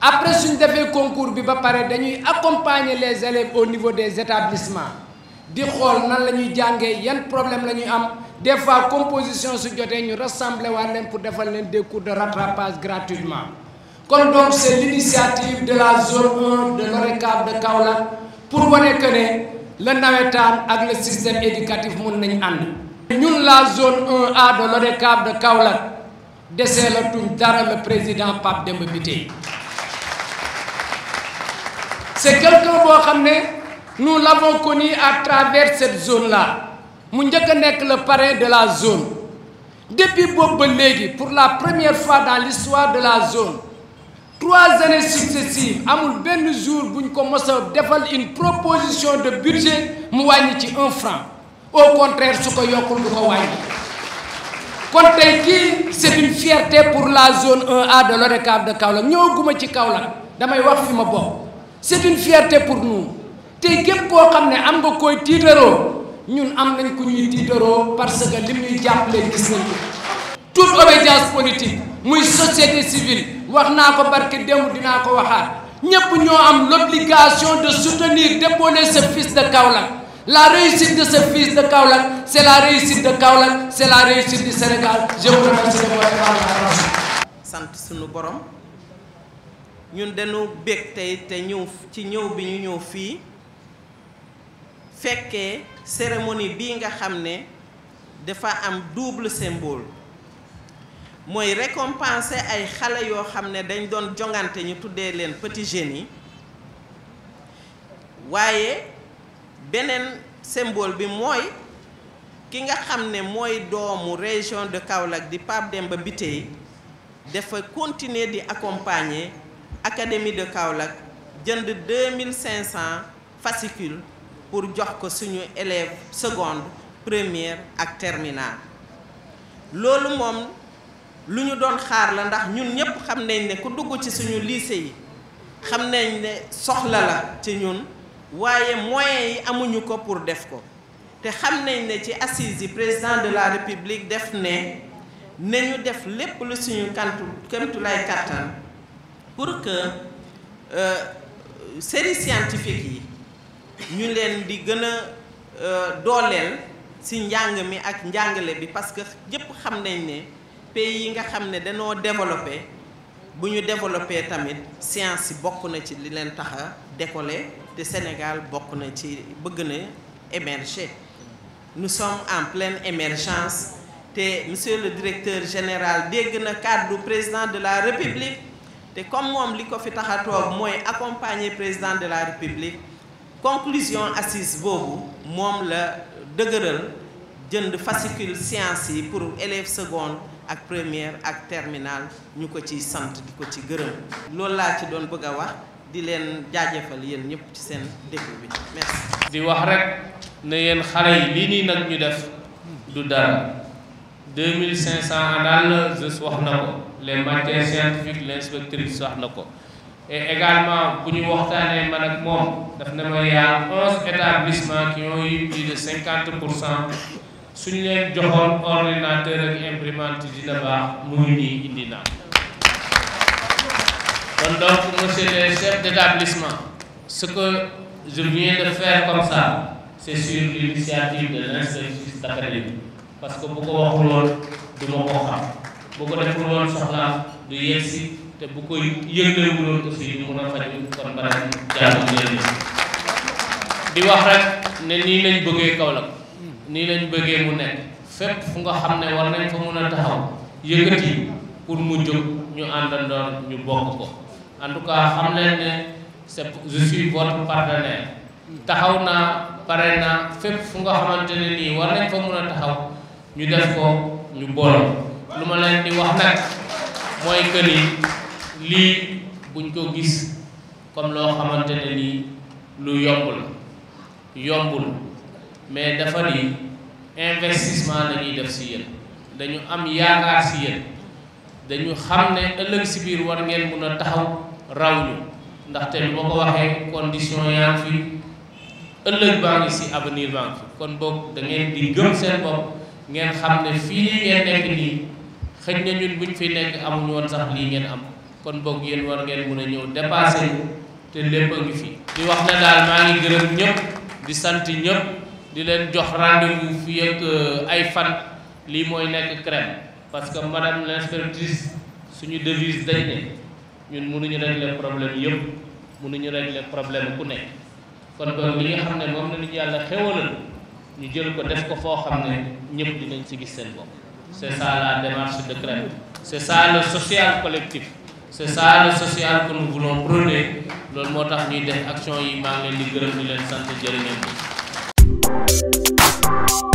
après une de concours nous ba accompagner les élèves au niveau des établissements di xol nan problèmes jàngé yeen problème la am des fois composition su joté ñu rassembler pour défal fois des cours de rattrapage gratuitement Comme donc c'est l'initiative de la zone 1 de l'Orecab de Kaolack pour voir que le ak le système éducatif Nous nañ la zone 1A de cadre de Kaolack desee la le président Pape de' c'est quelqu'un que nous l'avons connu à travers cette zone là Nous avons le parrain de la zone depuis Bob pour la première fois dans l'histoire de la zone trois années successives amul benn jour buñ ko mos defal une proposition de budget mu wàññi ci 1 franc au contraire su ko yokkul du ko wàññi kon tey c'est une fierté pour la zone 1A de l'ODCAV de Kaolack ñëwaguma ci Kaolack damay wax fi ma bokk c'est une fierté pour nous tey gep ko xamné am nga koy titéro, ñun am nañ ko ñuy titéro parce que li japp lé gis nañ ko toute obéissance politique muy société civile wax naa ko barke démb dinaa ko waxaat ñépp ñoo am l'obligation de soutenir d'épauler ce fils de Kaolack la réussite de ce fils de Kaolack c'est la réussite de Kaolack c'est la réussite du Sénégal je vous remercie de votre sant sunu borom ñun dañu bég tey te ñëw ci ñëw bi ñu ñëw fii fekkee cérémonie bii nga xam ne dafa am double symbole moy récompenser ay xale yo xamné dañ doon jonganté ñu tuddee leen petit génie. wayé benen un symbole bi moy ki nga xamné moy mooy doomu région de Kaolack di Pape Demba Bitèye dafa continuer di accompagner académie de Kaolack jënd 2500 fascicules pour jox ko suñu élèves seconde première ak terminale lolu mom lu ñu doon xaar la ndax ñun ñëpp xam nañ ne ku dugg ci suñu lycée yi xam nañ ne soxla la ci ñun waaye moyens yi amuñu ko pour def ko te xam nañ ne ci assises yi président de la république def ne nañu def lépp lu suñu kantu kemtulay kàttan pour que euh, série scientifique yi ñu leen di gën a euh, dooleel si njàng mi ak njàngale bi parce que ñëpp xam nañ ne pays yi nga xam ne dañoo développé développer ñu tamit science yi bokk na ci li len taxa décoller te Sénégal bokk na ci bëgg na émerger nous sommes en pleine émergence té monsieur le directeur général dégg na cadre du président de la république té comme mom liko fi tax a accompagner président de la république conclusion assise bobu mom la dëgëral jënd fascicule science yi pour élèves seconde ak première ak terminale ñu ko ciy sant di ci gërëm lool la ci doon bëgga a wax di leen jaajëfal yéen ñëpp ci seen déglu bi merci. di wax rek ne yeen xalé yi li ni nak ñu def du dara 2500 anal je wax nako les matières scientifiques l'inspectrice wax nako et également bu ñu waxtane man ak mom daf na ma y 11 établissements qui ont eu plus de 50 pour cent. suñ leen joxoon ordinateur ak imprimante dina baax muy nii indi naa kon donc monsieur le chef d'établissement ce que je viens de comme ça c'est sur l'initiative de l'inspectrice d'académie parce que bu ko waxuloon du ma ko xam bu ko defuloon soxlaa du yegsi te bu koy yëglewuloon aussi du mun a faju kon bara jàmm leen di wax rek ne nii lañ bëggee Kaolack ni lañ bëggé mu nekk fep fu nga xamné ne war nañ fa mëna taxaw yëkëti pour mu jox ñu àndandoon ñu bokk ko en tout cas xam leen ne c'est je suis votre partenaire taxaw na paré na fep fu nga ne war nañ fa mëna taxaw ñu def ko ñu bol lu ma leen di wax nak moy que ni li buñ ko gis comme lo ni lu yombul yombul mais dafa di investissement la ñuy def si yéen dañu am yaakaar si yéen dañu xam ne ëllëg si biir war ngeen mun a taxaw raw ñu ndaxte lu ma ko waxee condition yaa ngi fi ëllëg baa ci si avenir baa kon boog da ngeen di gëm seen bopp ngeen xam ne fii lii ngeen nekk nii xëj na ñun buñ fi nekk amuñu woon sax lii ngeen am kon boog yéen war ngeen mun a ñëw dépassé ñu te lépp a ngi fi. di wax ne daal maa ngi gërëm ñëpp di sant ñëpp. di len jox rendez-vous fi ak ay fan li moy nek crème parce que madame l'inspectrice suñu devise dañ né ñun mënuñu régler problème yëpp mënuñu régler problème ku nek kon ya ko li nga xamné mom moom la ñu yàlla xéwalal ñu jël ko def ko fo xamné ñëpp dinañ ci gis sen bopp c'est ça la démarche de crème c'est ça le social collectif c'est ça le social que nous voulons prôner lool motax ñuy def action yi ma ngi leen di gërëm di leen sante jërë Música